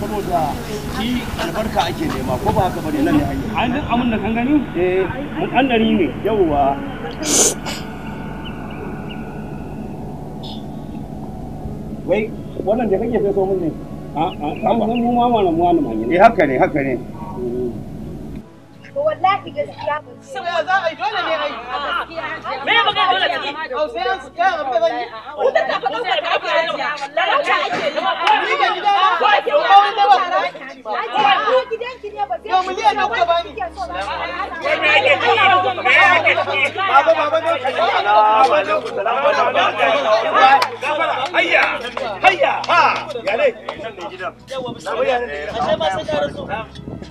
saboda ki albarka ake nema ko ba haka bane nan ne hanya an duk da kan gani eh mun ne yawwa wai wannan da kake mun ne a a ma wannan mu wannan eh haka ne haka ne To wallahi za a yi dole ne a yi. Me ya baka an na. bani.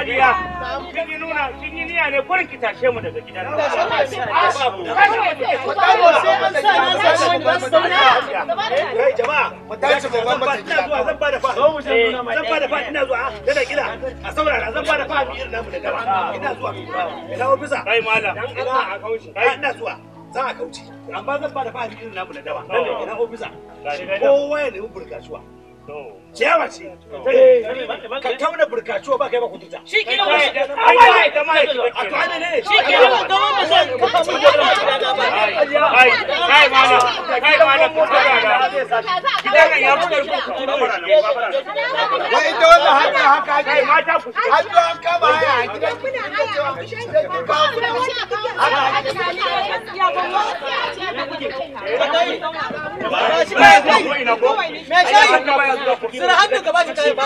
hajiya kin yi nuna kin yi niyya ne kurin ki tashe mu daga gidan nan sai an sa ba su jama'a mu tashi mu ba zuwa zan fa eh, zan fa ina zuwa ah, a saurara zan fa namu da ah. ina zuwa ina kai dan a kauce ah, ina zuwa za a kauce amma zan fa namu da dan ina ofisa kowa ya nemi ciyawa ce ka tauna ba kai ba shi ke da mai a to ne shi ke da wanda zan kafa mu da kai kai mana kai mana da ya buga ba ita wannan haka haka kai mata ku haya a gidan ku ba ku ya ba mu ya ba shi ba zuwa ina ko me shayi ka baya zuwa kurkuku sira hannu ka bashi kai ba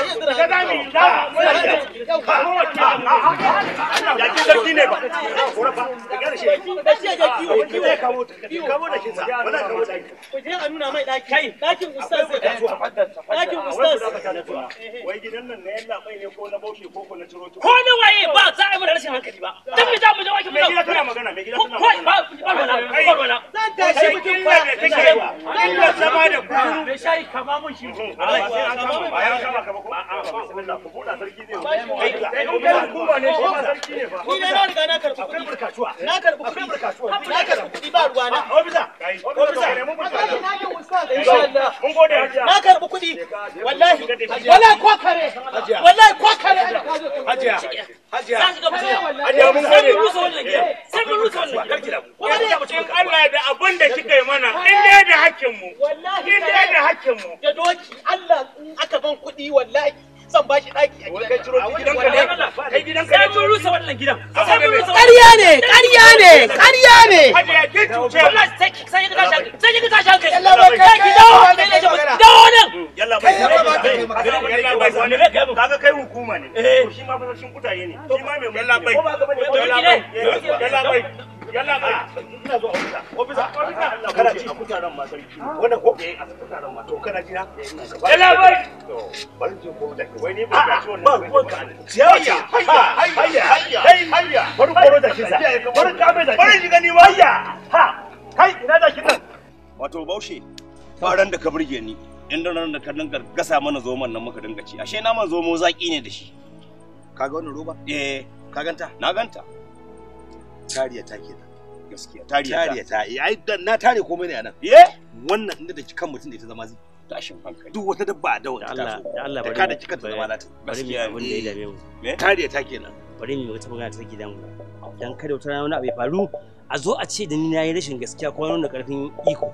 shi sira ku je a nuna mai ɗaki kai ɗakin ustaz ɗakin ustaz eh, eh. wai gidan nan na yalla mai ne ko na bauchi ko ko na ciro ko ne waye ba za a yi rashin hankali ba dan mi za mu je waki mu gida kana magana me gida kana magana ba ba ba ba zan tashi mutum ba zan tashi sama da kuru me shayi kama mun shi Allah ya kama ba ya kama kama ko a'a bismillah ku buɗa sarki zai ba kai hukuma ne sarki ne fa ni na riga na karɓi na karɓi mun kasuwa na ka kuɗi na wallahi wallahi ko kare wallahi ko kare hajiya hajiya Allah da abin da kika yi mana in dai da hakkin mu in dai da hakkin mu da doki Allah in aka ban kuɗi wallahi zan bashi a gidan ciro gidan ka ne kai gidan ka ne mun rusa wannan gidan sai mun rusa ƙarya ne ƙarya ne ƙarya ne sai tashi sai tashi ki dawo nan mm, yalla ba kai kaga kai hukuma ne eh. shi ma kutaye ne shi ma mai yalla yalla yalla ba ina zo ofisa ofisa ofisa kana ji a kutaren ma sarki ah. wannan ko eh a kutaren ma to kana ji na eh, yalla ba to bari ji ko da wai ne ba ka ah, ci wannan ba ko ka ciyawa hayya hayya hayya hayya bari koro da shi sa bari ka mai da bari ji gani ba hayya ha kai ina da shi nan wato baushe faran da ka burge ni inda nan da ka dinga gasa mana zoman nan muka dinga ci ashe naman zomo zaki ne da shi kaga wannan roba eh ka ganta na ganta tariya ta kenan gaskiya tariya ta eh, ai na tare komai ne anan eh wannan inda da kan mutum da ita zama zai tashin hankali duk wata dabba a da ta da Allah bari kada kika ta zama lata gaskiya abin da ya dame mu eh. me, tariya ta kenan bari mu wata magana ta gidan mu. dan kada wata rana wani abu ya faru a zo a ce da ni nayi rashin gaskiya ko nuna karfin iko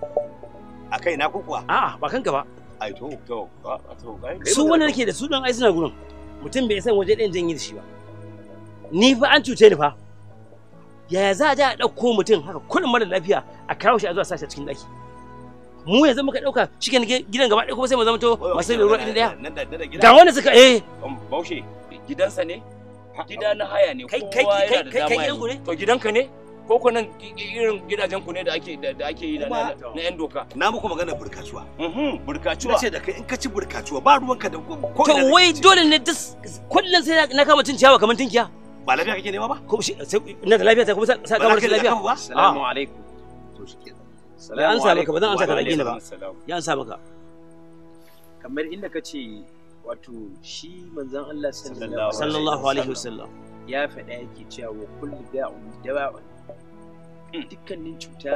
a kai na kukuwa a'a ba kanka ba ai to to a to su wannan nake da su dan ai suna gurin mutum bai san waje ɗayan janye da shi ba ni fa an cuce ni fa yaya za a je a ɗauko mutum haka kullum mara lafiya a kawo shi a zuwa sashi a cikin ɗaki mu yanzu muka ɗauka shi gidan gaba ɗaya kuma sai mu zama to masu ruwa ɗin ɗaya ga wanda suka eh um, baushe gidansa ne gida na haya ne kai kai kai kai kai to gidanka ne ko ko nan irin gidajen ku ne da ake da ake yi na yan doka na muku magana burkacuwa mm-hmm, burkacuwa nace da kai in ka ci burkacuwa ba ruwanka da ko to wai dole ne duk kullun sai na kama cin ciyawa kamar tinkiya ba lafiya kake nema ba ko shi ina da lafiya ta kuma sa kamar bar shi lafiya assalamu ah. alaikum to shi kenan ya ansa maka ba zan ansa ka rage ni ba ya ansa maka kamar inda kace wato shi manzon Allah sallallahu alaihi wasallam ya faɗa yake cewa wa kullu da'un dawa'un hmm. dukkanin cuta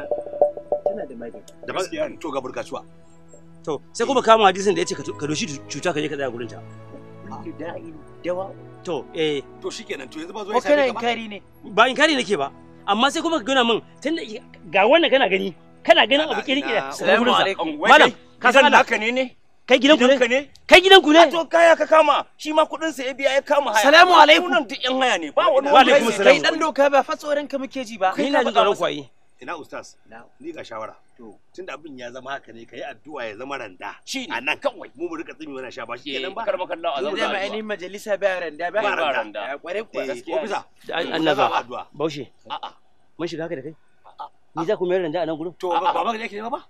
tana da magani da magani to ga burkasuwa to sai kuma kama hadisin da yace ka doshi cuta ka je ka tsaya gurin ta kullu da'in dawa'un to eh to shikenan to yanzu ba zo ya sai ka ba ne ba inkari nake ba amma sai kuma ka gina min tunda ga wannan kana gani kana ganin abu kirki da assalamu alaikum malam ka san haka ne ne kai gidan ku ne kai gidan ku ne to kaya ka kama shi ma kudin sa ya biya ya kama haya assalamu alaikum nan duk yan haya ne ba wani wani kai dan doka ba fa tsoron ka muke ji ba ni na ji tsoron ku ai ina ustaz ni ga shawara to tunda abin ya zama haka ne kai addu'a ya zama randa shi a nan kawai mu mu rika tsimi wannan sha ba shi kenan ba karba kallahu azza wa jalla ni majalisa ba randa ba ba randa kware ku gaskiya ofisa Allah ba addu'a baushe a'a mun shiga haka da kai ni za ku mai randa a nan gurin to ba ba ga ne ba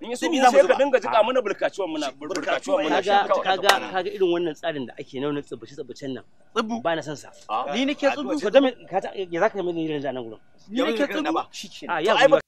in yaso mu sai ka dinga jika ah. mana burkaciwar muna burkaciwar muna kaga kaga irin wannan tsarin da ake nauna tsubuci tsubucen nan tsubu ba na san sa ah. ni nake tsubu da me ya zaka gurin ni nake tsubu shikenan ah,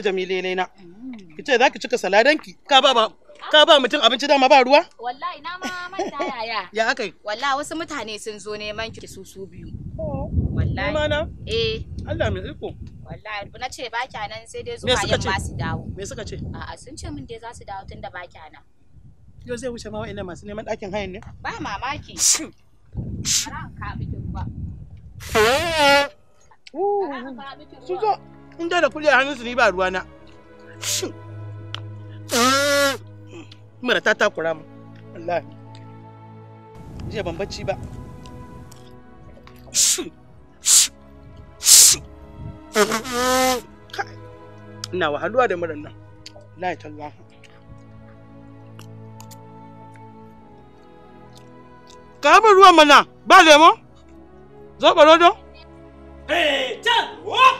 jamila jamile na ki ce ka ba ba ka ba mutum abinci dama ba ruwa wallahi na ma manta yaya ya akai wallahi wasu mutane sun zo neman ki su su biyu oh, wallahi na eh Allah mai iko wallahi na ce ba kya nan sai dai zuwa yamma su dawo me suka ce a'a sun ce min dai za su dawo tunda ba kya nan yo zai wuce ma wa'annan masu neman ɗakin hayan ne ba mamaki Ara ka bikin ba. in da kuɗi hannun su ni ba ruwana shin mara ta takura mu wallahi jiya ban bacci ba ina wahaluwa da muran nan wallahi tallahi ka haɓa ruwan mana ba lemo? Zo ɓaro don? Hey, can! Wop!